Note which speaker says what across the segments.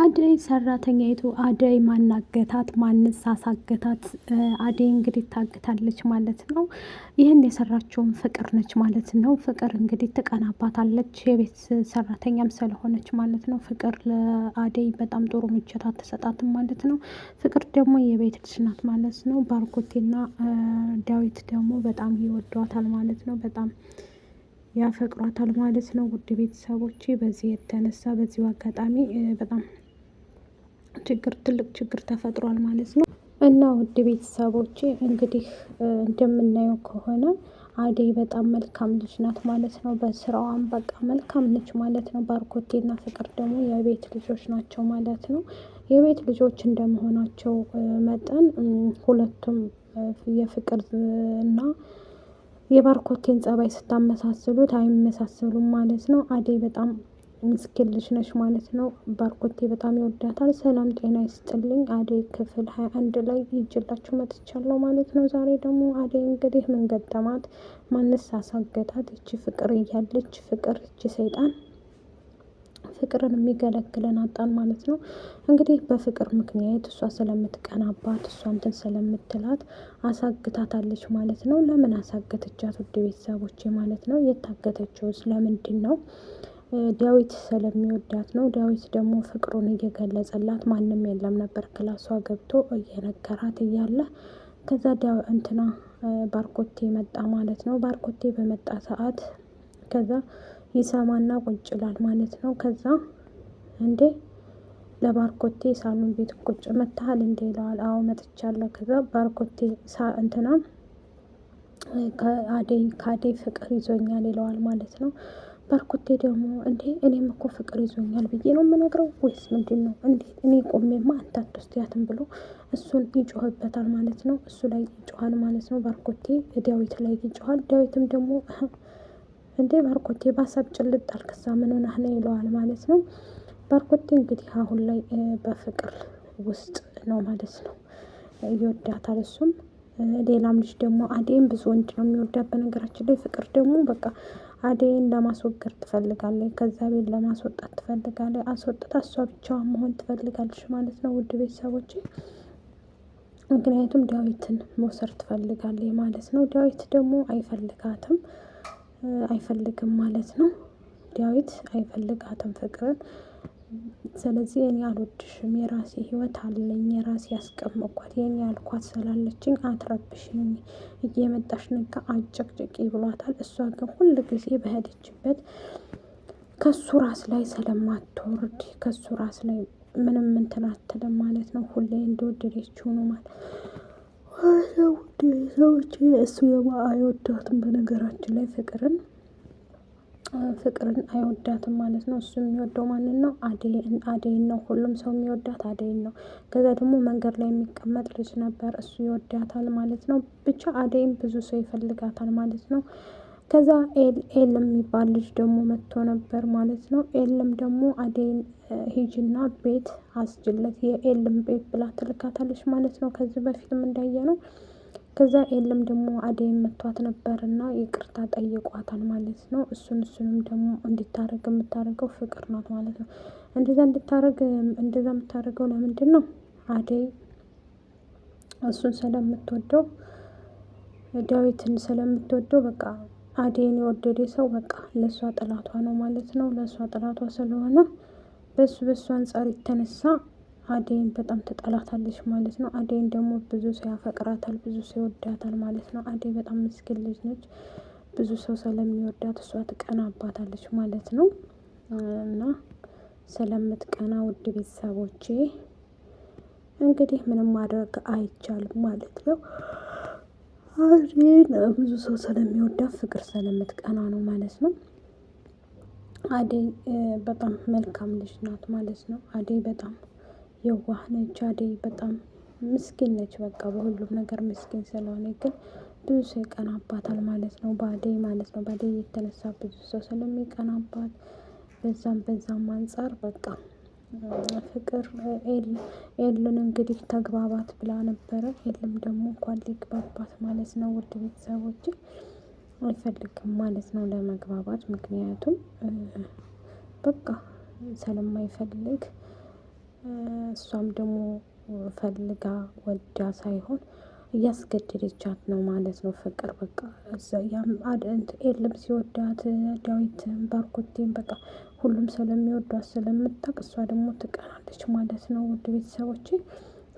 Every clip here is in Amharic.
Speaker 1: አደይ ሰራተኛይቱ አደይ ማናገታት ማንስ አደይ እንግዲህ ታግታለች ማለት ነው። ይህን የሰራችውን ፍቅር ነች ማለት ነው። ፍቅር እንግዲህ ትቀናባታለች የቤት ሰራተኛም ስለሆነች ማለት ነው። ፍቅር ለአደይ በጣም ጥሩ ምቾት አትሰጣትም ማለት ነው። ፍቅር ደግሞ የቤት ልጅ ናት ማለት ነው። ባርኮቴና ዳዊት ደግሞ በጣም ይወዷታል ማለት ነው። በጣም ያፈቅሯታል ማለት ነው። ውድ ቤተሰቦች በዚህ የተነሳ በዚሁ አጋጣሚ በጣም ችግር ትልቅ ችግር ተፈጥሯል ማለት ነው። እና ውድ ቤተሰቦች እንግዲህ እንደምናየው ከሆነ አደይ በጣም መልካም ልጅ ናት ማለት ነው። በስራዋም በቃ መልካም ልጅ ማለት ነው። ባርኮቴና ፍቅር ደግሞ የቤት ልጆች ናቸው ማለት ነው። የቤት ልጆች እንደመሆናቸው መጠን ሁለቱም የፍቅር እና የባርኮቴን ጸባይ ስታመሳስሉት አይመሳሰሉም ማለት ነው። አደይ በጣም ምስኪን ልጅ ነች ማለት ነው። ባርኮቴ በጣም ይወዳታል። ሰላም ጤና ይስጥልኝ። አደይ ክፍል ሀያ አንድ ላይ ይዤላችሁ መጥቻለሁ ማለት ነው። ዛሬ ደግሞ አደይ እንግዲህ ምን ገጠማት? ማንስ አሳገታት? እቺ ፍቅር እያለች ፍቅር እቺ ሰይጣን ፍቅርን የሚገለግለን አጣን ማለት ነው። እንግዲህ በፍቅር ምክንያት እሷ ስለምትቀናባት እሷ እንትን ስለምትላት አሳግታታለች ማለት ነው። ለምን አሳገተቻት? ውድ ቤተሰቦቼ ማለት ነው። የታገተችውስ ለምንድን ነው? ዳዊት ስለሚወዳት ነው። ዳዊት ደግሞ ፍቅሩን እየገለጸላት ማንም የለም ነበር። ክላሷ ገብቶ እየነገራት እያለ ከዛ እንትና ባርኮቴ መጣ ማለት ነው። ባርኮቴ በመጣ ሰዓት ከዛ ይሰማና ቁጭ ይላል ማለት ነው። ከዛ እንዴ ለባርኮቴ ሳሎን ቤት ቁጭ መታሃል እንዴ ይለዋል። አዎ መጥቻለሁ። ከዛ ባርኮቴ እንትና ከአደይ ከአደይ ፍቅር ይዞኛል ይለዋል ማለት ነው። ባርኮቴ ደግሞ እንዴ እኔም እኮ ፍቅር ይዞኛል ብዬ ነው የምነግረው ወይስ ምንድን ነው? እንዴት እኔ ቆሜማ አንተ አትወስዳትም ብሎ እሱን ይጮህበታል ማለት ነው። እሱ ላይ ይጮሃል ማለት ነው። ባርኮቴ ዳዊት ላይ ይጮሃል። ዳዊትም ደግሞ እንዴ ባርኮቴ በሀሳብ ጭልጥ አልክሳ ምን ሆነህ ነው ይለዋል ማለት ነው። ባርኮቴ እንግዲህ አሁን ላይ በፍቅር ውስጥ ነው ማለት ነው። ይወዳታል እሱም ሌላም ልጅ ደግሞ አዴን ብዙ ወንድ ነው የሚወዳት። በነገራችን ላይ ፍቅር ደግሞ በቃ አዴን ለማስወገድ ትፈልጋለች፣ ከዛ ቤት ለማስወጣት ትፈልጋለች። አስወጥታ እሷ ብቻዋ መሆን ትፈልጋለች ማለት ነው ውድ ቤተሰቦች። ምክንያቱም ዳዊትን መውሰድ ትፈልጋለች ማለት ነው። ዳዊት ደግሞ አይፈልጋትም። አይፈልግም ማለት ነው። ዳዊት አይፈልጋትም ፍቅርን። ስለዚህ እኔ አልወድሽም፣ የራሴ ህይወት አለኝ፣ የራሴ ያስቀመጥኳት የኔ ያልኳት ስላለችኝ አትረብሽኝ፣ እየመጣሽ ነጋ አጨቅጭቂ ብሏታል። እሷ ግን ሁል ጊዜ በሄደችበት ከሱ ራስ ላይ ስለማትወርድ ከሱ ራስ ላይ ምንም እንትን አትልም ማለት ነው። ሁሌ እንደወደደችው ነው ማለት ሰዎች እሱ ደግሞ አይወዳትም። በነገራችን ላይ ፍቅርን ፍቅርን አይወዳትም ማለት ነው። እሱ የሚወደው ማንን ነው? አደይን ነው። ሁሉም ሰው የሚወዳት አደይን ነው። ከዛ ደግሞ መንገድ ላይ የሚቀመጥ ልጅ ነበር፣ እሱ ይወዳታል ማለት ነው። ብቻ አደይን ብዙ ሰው ይፈልጋታል ማለት ነው። ከዛ ኤል የሚባል ልጅ ደግሞ መጥቶ ነበር ማለት ነው። ኤልም ደግሞ አደይን ሂጅና ቤት አስጅለት የኤልም ቤት ብላ ትልካታለች ማለት ነው። ከዚህ በፊትም እንዳየ ነው። ከዛ ኤልም ደግሞ አደይን መቷት ነበር እና ይቅርታ ጠይቋታል ማለት ነው። እሱን እሱንም ደግሞ እንድታረግ የምታደርገው ፍቅር ናት ማለት ነው። እንደዛ እንድታረግ እንደዛ የምታደርገው ለምንድን ነው? አደይ እሱን ስለምትወደው ዳዊትን ስለምትወደው በቃ አዴን የወደደ ሰው በቃ ለእሷ ጥላቷ ነው ማለት ነው። ለእሷ ጥላቷ ስለሆነ በሱ በሱ አንጻር የተነሳ አዴን በጣም ትጠላታለች ማለት ነው። አዴን ደግሞ ብዙ ሰው ያፈቅራታል፣ ብዙ ሰው ይወዳታል ማለት ነው። አዴ በጣም ምስኪን ልጅ ነች። ብዙ ሰው ስለሚወዳት እሷ ትቀናባታለች ማለት ነው። እና ስለምትቀና ውድ ቤተሰቦቼ እንግዲህ ምንም ማድረግ አይቻልም ማለት ነው። አደይን ብዙ ሰው ስለሚወዳ ፍቅር ስለምትቀና ነው ማለት ነው። አደይ በጣም መልካም ልጅ ናት ማለት ነው። አደይ በጣም የዋህ ነች። አደይ በጣም ምስኪን ነች። በቃ በሁሉም ነገር ምስኪን ስለሆነ ግን ብዙ ሰው ይቀናባታል ማለት ነው። በአደይ ማለት ነው። በአደይ የተነሳ ብዙ ሰው ስለሚቀናባት በዛም በዛም አንጻር በቃ ፍቅር ኤሉን እንግዲህ ተግባባት ብላ ነበረ። ኤልም ደግሞ እንኳን ሊግባባት ማለት ነው ውድ ቤተሰቦች አይፈልግም ማለት ነው ለመግባባት። ምክንያቱም በቃ ስለማይፈልግ እሷም ደግሞ ፈልጋ ወዳ ሳይሆን እያስገደደቻት ነው ማለት ነው። ፍቅር በቃ ያም ኤልም ሲወዳት ዳዊትም ባርኮቴም በቃ ሁሉም ስለሚወዷት ስለምታቅ እሷ ደግሞ ትቀናለች ማለት ነው። ውድ ቤተሰቦች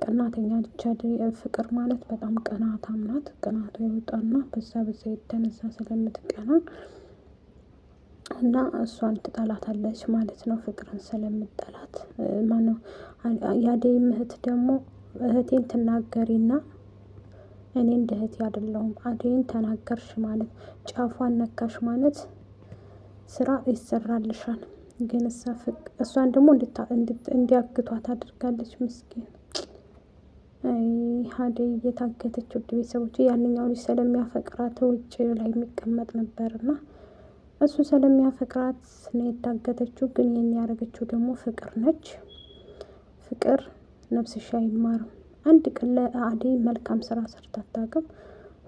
Speaker 1: ቀናተኛ ልቻ ፍቅር ማለት በጣም ቀናታም ናት። ቅናቱ ይወጣና በዛ በዛ የተነሳ ስለምትቀና እና እሷን ትጠላታለች ማለት ነው። ፍቅርን ስለምጠላት ማነው ያደይ እህት ደግሞ እህቴን ትናገሪና እኔ እንደ እህቴ አይደለሁም። አደይን ተናገርሽ ማለት ጫፏን ነካሽ ማለት ስራ ይሰራልሻል። ግን እሷ ፍቅ እሷን ደግሞ እንዲያግቷት አድርጋለች። ምስኪን አደይ እየታገተች ውድ ቤተሰቦች፣ ያንኛው ልጅ ስለሚያፈቅራት ውጭ ላይ የሚቀመጥ ነበርና እሱ ስለሚያፈቅራት ነው የታገተችው። ግን ይህን ደግሞ ፍቅር ነች። ፍቅር ነፍስሽ አይማርም። አንድ ቀን ለአደይ መልካም ስራ ሰርታ አታውቅም።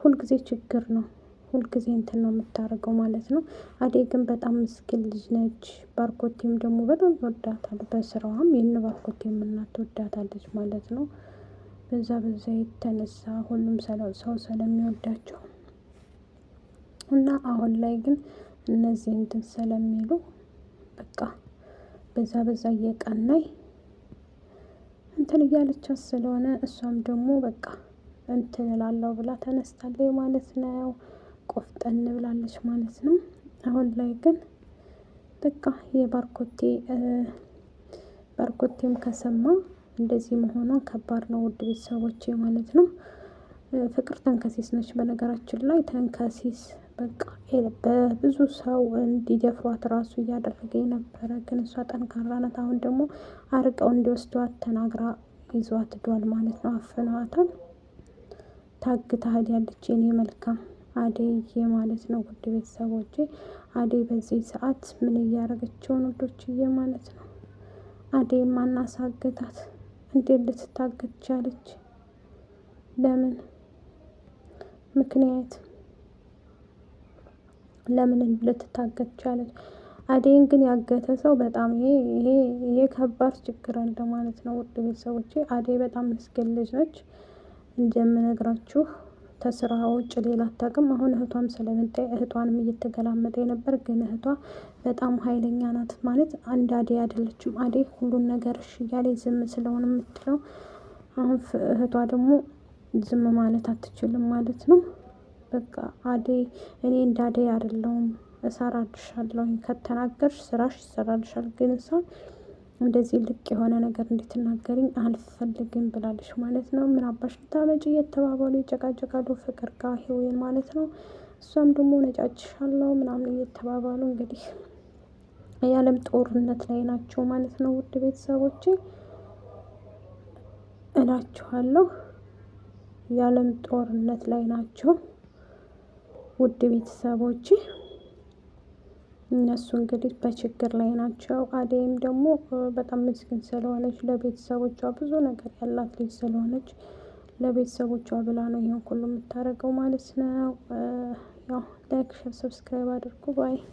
Speaker 1: ሁልጊዜ ችግር ነው፣ ሁልጊዜ እንትን ነው የምታደርገው ማለት ነው። አደይ ግን በጣም ምስኪን ልጅ ነች። ባርኮቴም ደግሞ በጣም ይወዳታል። በስራዋም ይህን ባርኮቴም እናት ትወዳታለች ማለት ነው። በዛ በዛ የተነሳ ሁሉም ሰው ስለሚወዳቸው እና አሁን ላይ ግን እነዚህ እንትን ስለሚሉ በቃ በዛ በዛ እየቀናይ እንትን እያለቻት ስለሆነ እሷም ደግሞ በቃ እንትን እላለሁ ብላ ተነስታለች ማለት ነው። ቆፍጠን ብላለች ማለት ነው። አሁን ላይ ግን በቃ የባርኮቴ ባርኮቴም ከሰማ እንደዚህ መሆኗ ከባድ ነው፣ ውድ ቤተሰቦች ማለት ነው። ፍቅር ተንከሲስ ነች በነገራችን ላይ ተንከሲስ በቃ በብዙ ሰው እንዲደፍሯት ራሱ እያደረገ የነበረ ግን እሷ ጠንካራ ናት። አሁን ደግሞ አርቀው እንዲወስዷት ተናግራ ይዟት ዷል ማለት ነው። አፍነዋታል። ታግታህል ያለች የኔ መልካም አደይዬ ማለት ነው። ውድ ቤተሰቦቼ አደይ በዚህ ሰዓት ምን እያደረገችውን ውዶችዬ ማለት ነው። አደይ ማናሳግታት እንዴ ልትታገት ቻለች? ለምን ምክንያት ለምን ልትታገት ቻለች? አዴን ግን ያገተ ሰው በጣም ይሄ ይሄ ይሄ ከባድ ችግር አለ ማለት ነው። ውድ ቤተሰቦች አዴ በጣም ምስኪን ልጅ ነች። እንደምነግራችሁ ተስራ ውጭ ሌላ አታውቅም። አሁን እህቷም ስለምታይ እህቷንም እየተገላመጠ ነበር። ግን እህቷ በጣም ኃይለኛ ናት ማለት አንድ አዴ አይደለችም። አዴ ሁሉን ነገር እሺ እያለ ዝም ስለሆነ የምትለው አሁን እህቷ ደግሞ ዝም ማለት አትችልም ማለት ነው። በቃ አደይ እኔ እንደ አደይ አይደለሁም እሰራልሻለሁ ከተናገርሽ ስራሽ ይሰራልሻል ግን እሷን እንደዚህ ልቅ የሆነ ነገር እንድትናገርኝ አልፈልግም ብላለች ማለት ነው። ምን አባሽ ልታመጪ እየተባባሉ ይጨቃጨቃሉ ፍቅር ጋር ህይወን ማለት ነው። እሷም ደግሞ ነጫጭሻለሁ ምናምን እየተባባሉ እንግዲህ የዓለም ጦርነት ላይ ናቸው ማለት ነው። ውድ ቤተሰቦቼ እላችኋለሁ የዓለም ጦርነት ላይ ናቸው። ውድ ቤተሰቦች እነሱ እንግዲህ በችግር ላይ ናቸው። አደይም ደግሞ በጣም ምስኪን ስለሆነች ለቤተሰቦቿ ብዙ ነገር ያላት ልጅ ስለሆነች ለቤተሰቦቿ ብላ ነው ይህን ሁሉ የምታደርገው ማለት ነው። ያው ላይክ፣ ሸር፣ ሰብስክራይብ አድርጉ ባይ